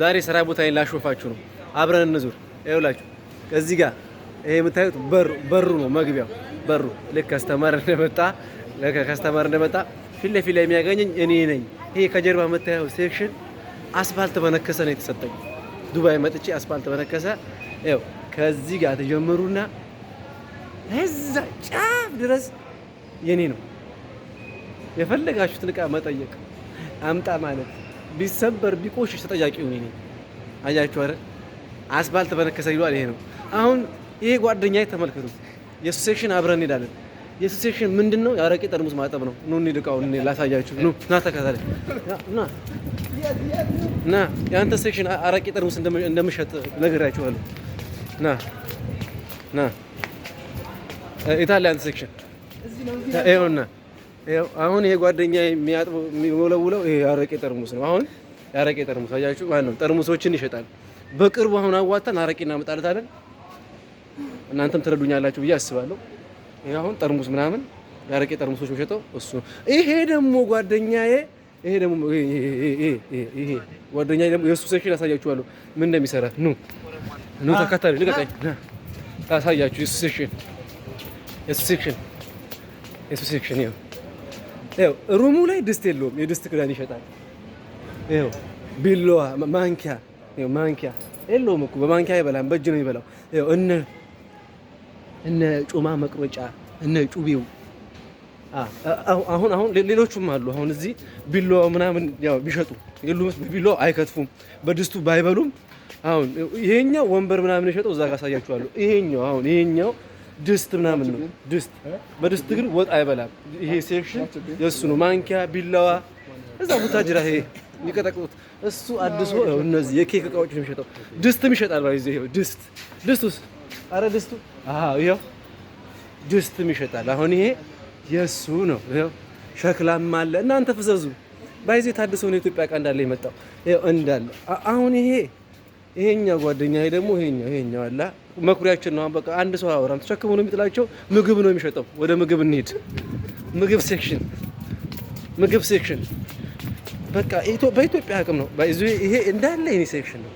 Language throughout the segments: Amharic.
ዛሬ ስራ ቦታ ላሾፋችሁ ነው። አብረን እንዙር። ይኸውላችሁ እዚህ ጋር ይሄ የምታዩት በሩ በሩ ነው መግቢያው በሩ። ልክ ከስተመር እንደመጣ ልክ ከስተመር እንደመጣ ፊት ለፊት ላይ የሚያገኘኝ እኔ ነኝ። ይሄ ከጀርባ የምታየው ሴክሽን አስፋልት በነከሰ ነው የተሰጠኝ። ዱባይ መጥቼ አስፋልት በነከሰ ይኸው ከዚህ ጋር ተጀምሩና እዛ ጫፍ ድረስ የኔ ነው። የፈለጋችሁትን ዕቃ መጠየቅ አምጣ ማለት ቢሰበር ቢቆሽሽ ተጠያቂው እኔ ነኝ። አያችሁ አይደል? አስፋልት በነከሰ ይሏል። ይሄ ነው አሁን። ይሄ ጓደኛ ተመልከቱት። የሱ ሴክሽን አብረን እንሄዳለን። የሱ ሴክሽን ምንድን ነው? የአረቄ ጠርሙስ ማጠብ ነው። ኑ እንድቃው እኔ ላሳያችሁ። ኑ ና ተከታተል። ና ና የአንተ ሴክሽን አረቄ ጠርሙስ እንደምሸጥ ነግራችኋለሁ። ና ና የታለ የአንተ ሴክሽን? ይኸውና አሁን ይሄ ጓደኛ የሚያጥበው የሚወለውለው ይሄ አረቄ ጠርሙስ ነው። አሁን ያረቄ ጠርሙስ አያችሁ፣ ነው ጠርሙሶችን ይሸጣል። በቅርቡ አሁን አዋጣን አረቄ እናመጣለት እናመጣለታለን። እናንተም ትረዱኛላችሁ ብዬ አስባለሁ። ይሄ አሁን ጠርሙስ ምናምን ያረቄ ጠርሙሶች የሚሸጠው እሱ ነው። ይሄ ደግሞ ጓደኛዬ ይሄ ደግሞ ይሄ ጓደኛዬ ደግሞ የእሱ ሴክሽን አሳያችኋለሁ ምን እንደሚሰራ ኑ ኑ፣ ተከታተሉ። ልቀቀኝ ታሳያችሁ የእሱ ሴክሽን የእሱ ሴክሽን የእሱ ሴክሽን ይኸው ይኸው ሩሙ ላይ ድስት የለውም። የድስት ክዳን ይሸጣል። ይኸው ቢላዋ፣ ማንኪያ ይኸው ማንኪያ የለውም እኮ በማንኪያ አይበላም፣ በእጅ ነው የሚበላው። ይኸው እነ እነ ጮማ መቅረጫ እነ ጩቤው አሁን አሁን ሌሎቹም አሉ። አሁን እዚህ ቢላዋ ምናምን ያው ቢሸጡ የሉም። ቢላዋ አይከትፉም፣ በድስቱ ባይበሉም። አሁን ይሄኛው ወንበር ምናምን የሸጠው እዛ ጋር አሳያችኋለሁ። ይሄኛው አሁን ይሄኛው ድስት ምናምን ነው። ድስት በድስት ግን ወጥ አይበላም። ይሄ ሴክሽን የእሱ ነው። ማንኪያ፣ ቢላዋ እዛ ቦታ ጅራ ይሄ የሚቀጠቅጡት እሱ አድሶ እነዚህ የኬክ እቃዎች ነው የሚሸጠው። ድስትም ይሸጣል። ባይዘ ይሄው ድስት ድስቱስ፣ አረ ድስቱ አሃ፣ ይሄው ድስትም ይሸጣል። አሁን ይሄ የእሱ ነው። ይሄው ሸክላም አለ። እናንተ ፍዘዙ። ባይዘ ታድሶ ነው ኢትዮጵያ ዕቃ እንዳለ የመጣው ይሄው እንዳለ። አሁን ይሄ ይሄኛ ጓደኛ ይሄ ደግሞ ይሄኛው ይሄኛው አላ መኩሪያችን ነው። በቃ አንድ ሰው አወራም ተሸክሞ ነው የሚጥላቸው። ምግብ ነው የሚሸጠው። ወደ ምግብ እንሂድ። ምግብ ሴክሽን፣ ምግብ ሴክሽን። በቃ በኢትዮጵያ አቅም ነው ይሄ እንዳለ። የኔ ሴክሽን ነው፣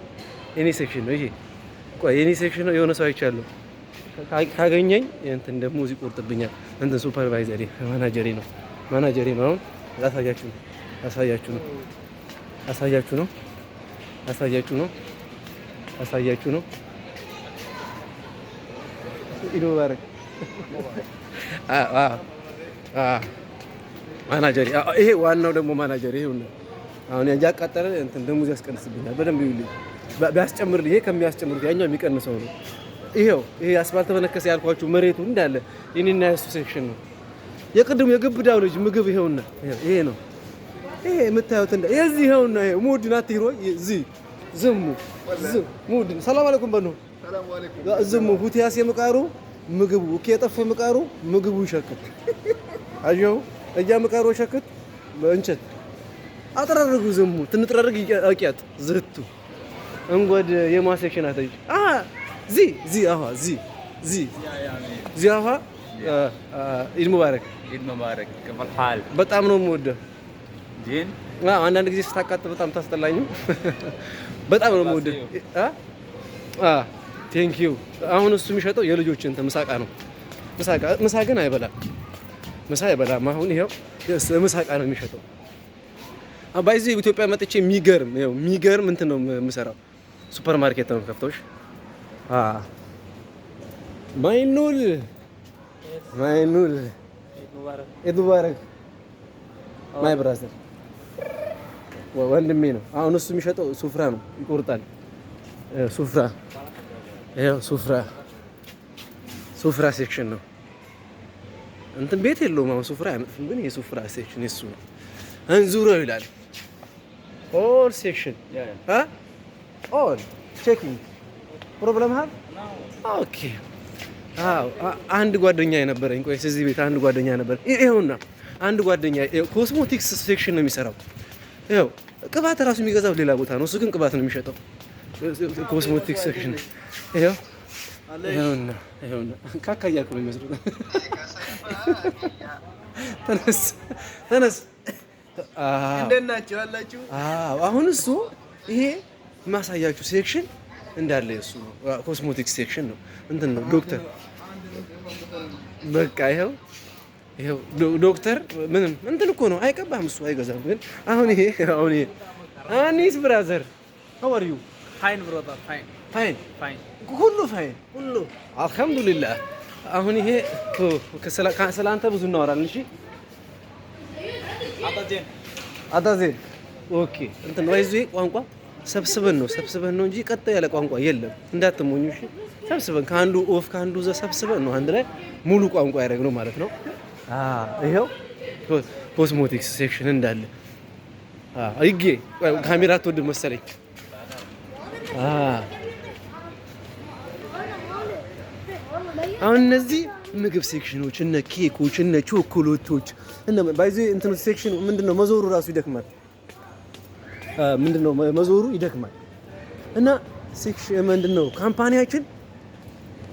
የኔ ሴክሽን ነው ይሄ። ቆይ የኔ ሴክሽን ነው። የሆነ ሰው አይቻለሁ፣ ካገኘኝ እንትን ደግሞ እዚህ ቆርጥብኛል። እንትን ሱፐርቫይዘሪ ማናጀሪ ነው፣ ማናጀሪ ነው። አሁን አሳያችሁ ነው፣ አሳያችሁ ነው፣ አሳያችሁ ነው፣ አሳያችሁ ነው፣ አሳያችሁ ነው ይሄ ዋናው ደግሞ ማናጀር ይሄው ነው። አሁን እያቃጠለ እንትን ደሞዝ ያስቀንስብኛል። በደንብ ይውልኝ ይሄ ከሚያስጨምሩት ያኛው የሚቀንሰው ነው። ይሄው ይሄ አስፋልት ያልኳችሁ መሬቱ እንዳለ የኔና የሱ ሴክሽን ነው። የቅድሙ የግብዳው ልጅ ምግብ ይሄውና፣ ይሄ ነው ይሄ የምታዩት እንደ የዚህ ይሄውና፣ ይሄ ሙድ ናት እዚህ ዝሙ ሙድ ሰላም አለይኩም በሉ ዝሙ ሁቲያስ የምቃሩ ምግቡ እኬ የጠፈ ምቃሩ ምግቡ ይሸክት አየሁ እያ ምቃሩ ይሸክት እንቸት አጥራርጉ ዝሙ ትንጥራርግ አቂያት ዝህቱ እንጎድ የማሴክሽን አተጅ አሃ ዚ ዚ አሃ ዚ ዚ ዚ አሃ ኢድ ሙባረክ ኢድ ሙባረክ ከፈል ሐል በጣም ነው የምወደው ጂን አንዳንድ ጊዜ ስታቃጥ በጣም ታስጠላኝ። በጣም ነው የምወደው አ ቴንክ ዩ። አሁን እሱ የሚሸጠው የልጆች እንትን ምሳቃ ነው። ምሳ ግን አይበላም። ምሳ አይበላም። አሁን ይኸው ምሳቃ ነው የሚሸጠው። ባይዚህ ኢትዮጵያ መጥቼ የሚገርም ይኸው የሚገርም እንትን ነው የምሰራው። ሱፐር ማርኬት ነው ከፍቶሽ ማይኑል ማይኑል ኢድ ሙባረክ ማይ ብራዘር ወንድሜ ነው። አሁን እሱ የሚሸጠው ሱፍራ ነው። ይቆርጣል ሱፍራ ይኸው ሱፍራ ሱፍራ ሴክሽን ነው። እንትን ቤት የለውም አሁን ሱፍራ አያመጥፍም፣ ግን የሱፍራ ሴክሽን የሱ ነው። እንዙረው ይላል ኦል ሴክሽን ኦል ቼኪንግ ፕሮብለም ሀብ ኦኬ። አንድ ጓደኛ የነበረኝ ቆይ፣ እዚህ ቤት አንድ ጓደኛ ነበር። ይኸውና አንድ ጓደኛ ኮስሞቲክስ ሴክሽን ነው የሚሰራው። ይኸው ቅባት ራሱ የሚገዛው ሌላ ቦታ ነው፣ እሱ ግን ቅባት ነው የሚሸጠው ኮስሞቲክ ሴክሽን ይኸው ይኸውና ይኸውና ካካ እያልኩ ነው የሚመስለው። ተነስ ተነስ። እንደት ናቸው ያላችሁ? አሁን እሱ ይሄ የማሳያችሁ ሴክሽን እንዳለ እሱ ኮስሞቲክ ሴክሽን ነው። እንትን ነው ዶክተር በቃ ይኸው ይኸው ዶክተር ምንም እንትን እኮ ነው አይቀባም፣ እሱ አይገዛም። ግን አሁን ይሄ አሁን ይሄ አኒስ ብራዘር ሀው አር ዩ ፋይን ብሮታ ፋይን ፋይን ፋይን ሁሉ ፋይን ሁሉ አልሐምዱሊላህ። አሁን ይሄ ስለ አንተ ብዙ እናወራለን። እሺ አጣዜን ኦኬ እንትን ወይዚ ቋንቋ ሰብስበን ነው ሰብስበን ነው እንጂ ቀጥ ያለ ቋንቋ የለም። እንዳትሞኙ እሺ። ሰብስበን ከአንዱ ኦፍ ከአንዱ ዘ ሰብስበን ነው አንድ ላይ ሙሉ ቋንቋ ያደረግነው ማለት ነው። ይኸው ኮስሞቲክስ ሴክሽን እንዳለ ይጌ ካሜራ ትወድ መሰለኝ አሁን እነዚህ ምግብ ሴክሽኖች እነ ኬኮች እነ ቾኮሌቶች እነ ባይዚ እንትን ሴክሽን ምንድነው መዞሩ ራሱ ይደክማል። ምንድነው መዞሩ ይደክማል። እና ሴክሽን ምንድነው ካምፓኒያችን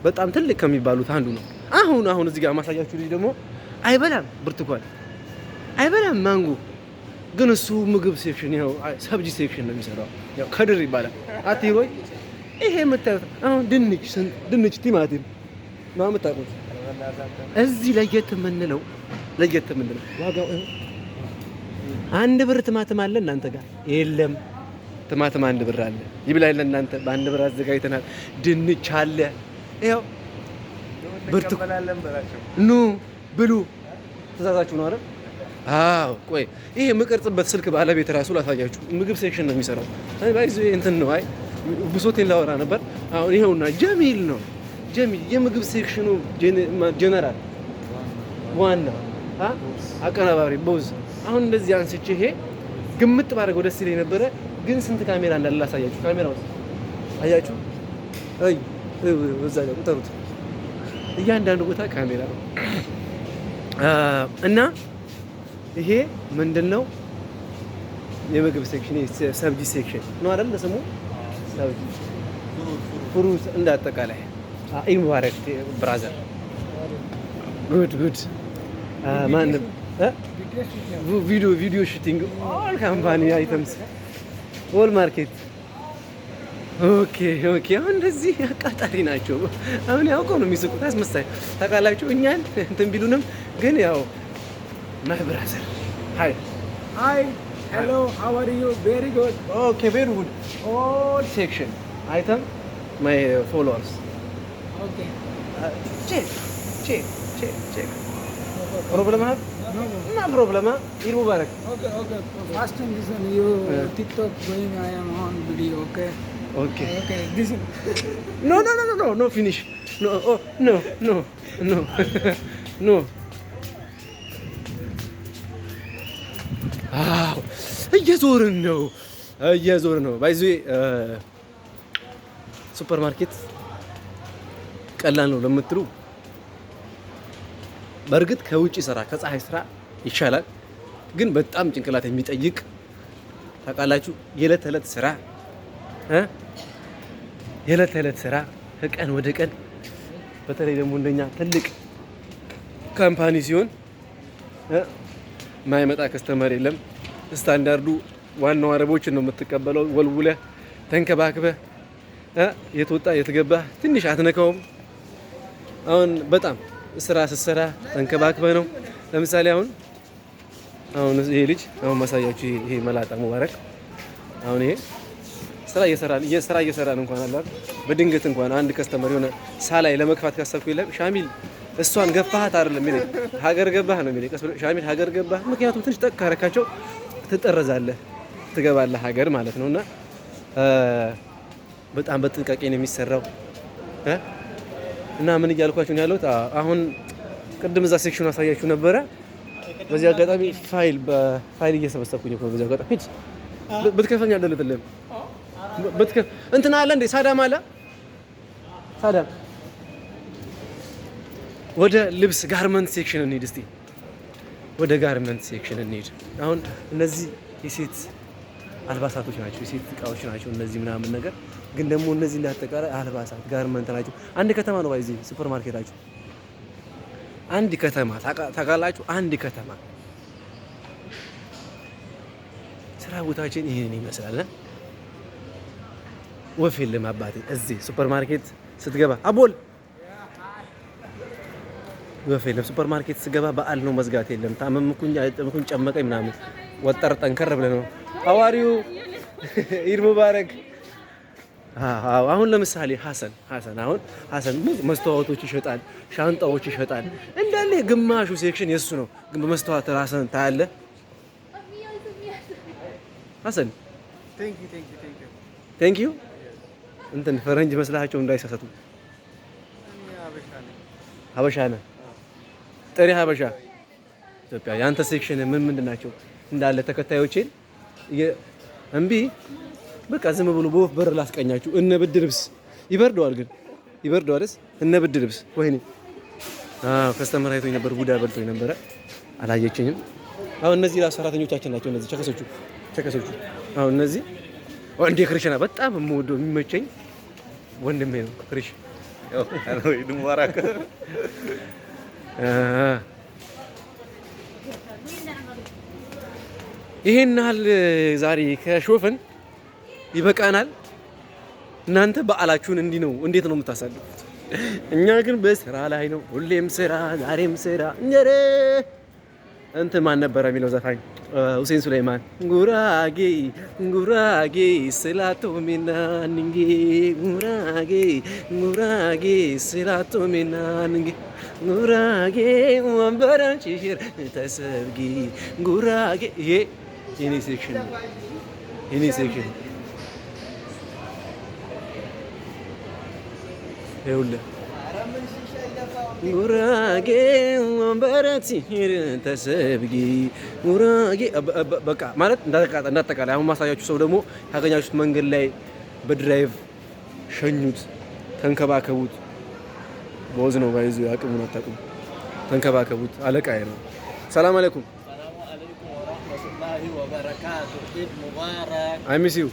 በጣም ትልቅ ከሚባሉት አንዱ ነው። አሁን አሁን እዚህ ጋር ማሳያችሁ ልጅ ደግሞ አይበላም ብርቱካን አይበላም ማንጎ ግን እሱ ምግብ ሴክሽን ያው ሰብጂ ሴክሽን ነው የሚሰራው። ያው ከድር ይባላል። አትይሮይ ይሄ የምታዩት አሁን ድንች፣ ድንች፣ ቲማቲም ነው የምታውቁት። እዚህ ለየት የምንለው ለየት የምንለው ዋጋው አንድ ብር ትማትም አለ እናንተ ጋር የለም። ትማትም አንድ ብር አለ ይብላል እናንተ በአንድ ብር አዘጋጅተናል። ድንች አለ ያው ብርቱ ኑ ብሉ ትእዛዛችሁ ነው አይደል? አዎ ቆይ ይሄ የምቀርጽበት ስልክ ባለቤት ራሱ ላሳያችሁ። ምግብ ሴክሽን ነው የሚሰራው። እንትን ነው አይ ብሶቴን ላወራ ነበር። አሁን ይኸውና ጀሚል ነው ጀሚል፣ የምግብ ሴክሽኑ ጀነራል፣ ዋና አቀናባሪ ቦዝ። አሁን እንደዚህ አንስቼ ይሄ ግምጥ ባደረገው ደስ ይለኝ ነበረ፣ ግን ስንት ካሜራ እንዳለ ላሳያችሁ። ካሜራ ውስጥ አያችሁ፣ አይ እዛ ጋር ቁጠሩት። እያንዳንዱ ቦታ ካሜራ ነው እና ይሄ ምንድን ነው? የምግብ ሴክሽን ሰብጂ ሴክሽን ነው አይደል? ስሙ ሰብጂ ፍሩት፣ እንዳጠቃላይ ኢምባረክ ብራዘር፣ ጉድ ጉድ። ማንም ቪዲዮ ቪዲዮ ሹቲንግ ኦል ካምፓኒ አይተምስ ኦል ማርኬት ኦኬ ኦኬ። አሁን እንደዚህ አቃጣሪ ናቸው። አሁን ያውቀው ነው የሚስቁት፣ አስመሳይ ታውቃላችሁ። እኛን እንትን ቢሉንም ግን ያው No, brother. Hi. Hi. Hello. How are you? Very good. Okay, very good. All section. I think my uh, followers. Okay. Uh, check. Check. Check. Check. Problem have? No, no problem. Eid Mubarak. Okay, okay. First thing, listen, you yeah. TikTok going, I am on video, okay? Okay. Okay, listen. no, no, no, no, no, no, finish. No, oh, no, no, no, no. እየዞርን ነው እየዞርን ነው። ባይዚ ሱፐር ማርኬት ቀላል ነው ለምትሉ በእርግጥ ከውጭ ስራ ከፀሐይ ስራ ይሻላል፣ ግን በጣም ጭንቅላት የሚጠይቅ ታውቃላችሁ። የዕለት ተዕለት ስራ የዕለት ተዕለት ስራ ከቀን ወደ ቀን በተለይ ደግሞ እንደኛ ትልቅ ካምፓኒ ሲሆን ማይመጣ ከስተመር የለም። ስታንዳርዱ ዋናው አረቦችን ነው የምትቀበለው። ወልውለ ተንከባክበ የትወጣ የትገባ ትንሽ አትነካውም። አሁን በጣም ስራ ስትሰራ ተንከባክበ ነው። ለምሳሌ አሁን አሁን ይሄ ልጅ አሁን ማሳያችሁ ይሄ መላጣ ሙባረክ አሁን ይሄ ስራ እየሰራ ነው ስራ እየሰራ ነው እንኳን አላል በድንገት እንኳን አንድ ከስተመር የሆነ ሳላይ ለመግፋት ካሰብኩ ይለም ሻሚል እሷን ገፋሃት አይደለም ይለኝ ሀገር ገባህ ነው የሚለኝ ሻሚል ሀገር ገባህ። ምክንያቱም ትንሽ ጠቅ ካረካቸው ትጠረዛለህ ትገባለህ ሀገር ማለት ነው። እና በጣም በጥንቃቄ ነው የሚሰራው እና ምን እያልኳችሁ ነው ያለሁት አሁን ቅድም እዛ ሴክሽኑ አሳያችሁ ነበረ። በዚህ አጋጣሚ ፋይል በፋይል እየሰበሰብኩኝ ነው። በዚህ አጋጣሚ ብትከፍለኝ አልደለጥልህም። እንትና አለ እንዴ ሳዳም አለ ሳዳም። ወደ ልብስ ጋርመንት ሴክሽን እንሂድ እስቲ። ወደ ጋርመንት ሴክሽን እንሄድ። አሁን እነዚህ የሴት አልባሳቶች ናቸው፣ የሴት እቃዎች ናቸው እነዚህ ምናምን ነገር ግን ደግሞ እነዚህ እንዳጠቃላይ አልባሳት ጋርመንት ናቸው። አንድ ከተማ ነው ባይዚ ሱፐር ማርኬታቸው አንድ ከተማ ታውቃላችሁ። አንድ ከተማ ስራ ቦታችን ይህን ይመስላል። ወፍ የለም አባቴ እዚህ ሱፐር ማርኬት ስትገባ አቦል በፌለም ሱፐር ማርኬት ስገባ በዓል ነው መዝጋት የለም። ታመምኩኝ፣ አይጠምኩኝ፣ ጨመቀኝ ምናምን ወጠር ጠንከር ብለ ነው አዋሪው። ኢድ ሙባረክ። አሁን ለምሳሌ ሀሰን ሀሰን አሁን ሀሰን መስተዋቶች ይሸጣል፣ ሻንጣዎች ይሸጣል እንዳለ ግማሹ ሴክሽን የሱ ነው። ግን በመስተዋት ሀሰን ታያለ። ሀሰን ቴንክ ዩ እንትን ፈረንጅ መስላቸው እንዳይሳሳቱ ሀበሻ ነህ ጥሪ ሀበሻ ኢትዮጵያ ያንተ ሴክሽን ምን ምንድን ናቸው እንዳለ ተከታዮችን እምቢ በቃ ዝም ብሎ በወፍ በር ላስቀኛችሁ። እነ ብድ ልብስ ይበርደዋል፣ ግን ይበርደዋል። ደስ እነ ብድ ልብስ ወይኔ ከስተመር አይቶኝ ነበር፣ ጉዳ በልቶኝ ነበረ፣ አላየችኝም። አሁን እነዚህ ራሱ ሰራተኞቻችን ናቸው። እነዚህ ቸከሶቹ ቸከሶቹ አሁን እነዚህ ወንዴ ክርሽና በጣም የምወደው የሚመቸኝ ወንድሜ ነው ክርሽ ይሄን ያህል ዛሬ ከሾፍን ይበቃናል። እናንተ በዓላችሁን እንዲህ ነው እንዴት ነው የምታሳልፉት? እኛ ግን በስራ ላይ ነው። ሁሌም ስራ፣ ዛሬም ስራ። እንትን ማን ነበረ የሚለው ዘፋኝ ሁሴን ሱሌማን ጉራጌ ጉራጌ ስላቶሜናንጌ ጉራጌ ጉራጌ ጉራጌ ሽሽር ተሰብጊ ጉራጌ ይሄ የኔ ሴክሽን የኔ ሴክሽን ይኸውልህ ጉራጌ ወንበረት ሲር ተሰብጊ ጉራጌ በቃ ማለት እንዳጠቃላይ አሁን ማሳያችሁ ሰው ደግሞ ያገኛችሁት መንገድ ላይ በድራይቭ ሸኙት፣ ተንከባከቡት። በወዝ ነው ባይዙ አቅሙን አታውቁም። ተንከባከቡት። አለቃዬ ነው። ሰላም አለይኩም አሚሲው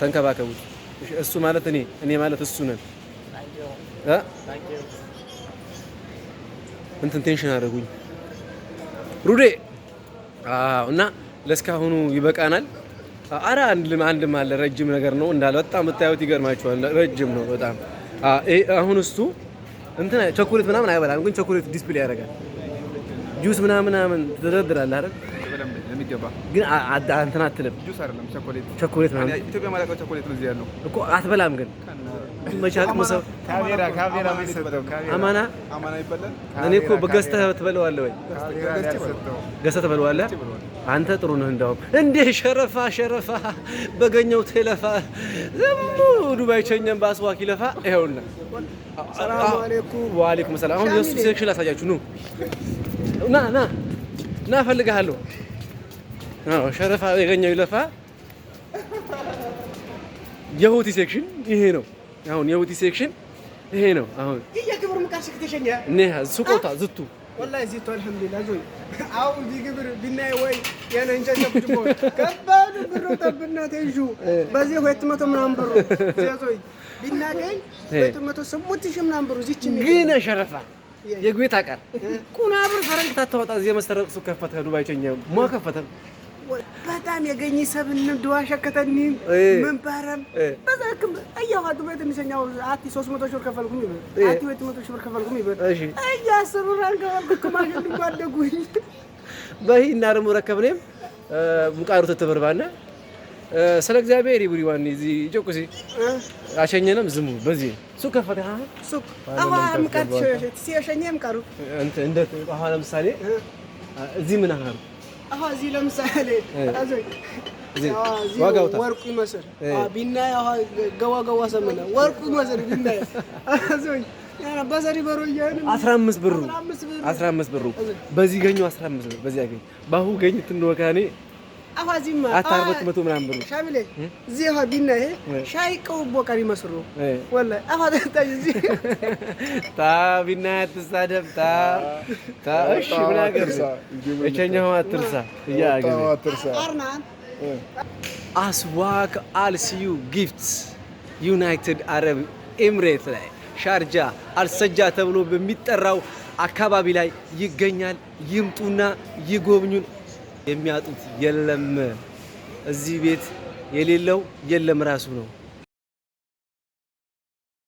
ተንከባከቡት። እሱ ማለት እኔ እኔ ማለት እሱ ነን። እንትን ቴንሽን አደረጉኝ ሩዴ። አዎ እና ለእስካሁኑ ይበቃናል። አረ አንድም አንድም አለ ረጅም ነገር ነው እንዳለ በጣም የምታዩት ይገርማችኋል። ረጅም ነው በጣም አሁን እሱ እንትን ቸኮሌት ምናምን አይበላም፣ ግን ቸኮሌት ዲስፕሌይ ያደርጋል። ጁስ ምናምን ምናምን ትደረድራለህ አይደል የሚገባ ግን እንትን አትልም። ቸኮሌት፣ እኮ አትበላም። ግን መቻቅ መሰብ አማና እኔ እኮ በገዝተህ ትበለዋለህ ወይ ገዝተህ ትበለዋለህ? አንተ ጥሩ ነህ። እንዳውም እንዴ ሸረፋ ሸረፋ በገኘው ተለፋ ዘሙ ዱባይ ቸኘን በአስዋክ ይለፋ። ይኸውና ሰላም አለይኩም። ሰላም። አሁን የሱ ሴክሽን ላሳያችሁ። ኑ ና ና ና እፈልግሃለሁ አዎ ሸረፋ የገኘው ይለፋ። የሁቲ ሴክሽን ይሄ ነው። አሁን የሁቲ ሴክሽን ይሄ ነው። አሁን የግብር ምቃሽክ ተሸኘ ነህ ሱቆታ ዝቱ ወላሂ ዝቱ አልሐምዱሊላህ ዞይ አሁን ቢግብር ቢናይ ወይ የነ እንጀ ጨፍጭፎ ከባዱ ብሩ ጠብና ተይዙ በዚህ ሁለት መቶ ምናምን ብሩ ዞይ ቢናገኝ ሁለት መቶ ስምንት ሺህ ምናምን ብሩ ዚች ግን ሸረፋ የጉታ ቀር ቁና ብር ፈረንጅ ታተወጣ እዚህ የመሰረቅ ሱቅ ከፈተ ዱባይ ቸኛ ማ ከፈተ በጣም የገኝ ሰብን ድዋ ሸከተኒ ምን ባረም በዛ ህክም እያዋጡ በትንሸኛው አቲ ሶስት መቶ ሺህ ከፈልኩም ይበል አቲ ሁለት መቶ ሺህ ብር ከፈልኩም ይበል እያስሩ ራንከማሸን ጓደጉኝ በሂ ደግሞ ረከብኔም ሙቃሩ ትትብር ትትበርባና ስለ እግዚአብሔር ይቡሪ ዋኒ እዚ ጆቁሲ አሸኘንም ዝሙ በዚህ ሱቅ ከፈተ ሱቅ አሁን ምቃት ሲሸኘም ቀሩ እንደ አሁን ለምሳሌ እዚህ ምን አሉ እዚህ ለምሳሌ ወርቁ ይመስል ቢናይ ገዋገዋ ሰመነ ወርቁ ይመስል ቢናይ አስራ አስራ አምስት ብሩ በዚህ ገኙ አስራ አምስት ብር በዚህ አገኝ ባሁ ገኝ ትንወካኔ አራት መቶ ምናምን ታ ቢና አትሳደብ ታ ታ እሺ ምን እቸኛው አትርሳ አስዋክ አልሲዩ ጊፍትስ ዩናይትድ አረብ ኤምሬት ላይ ሻርጃ አልሰጃ ተብሎ በሚጠራው አካባቢ ላይ ይገኛል። ይምጡና ይጎብኙን። የሚያጡት የለም። እዚህ ቤት የሌለው የለም ራሱ ነው።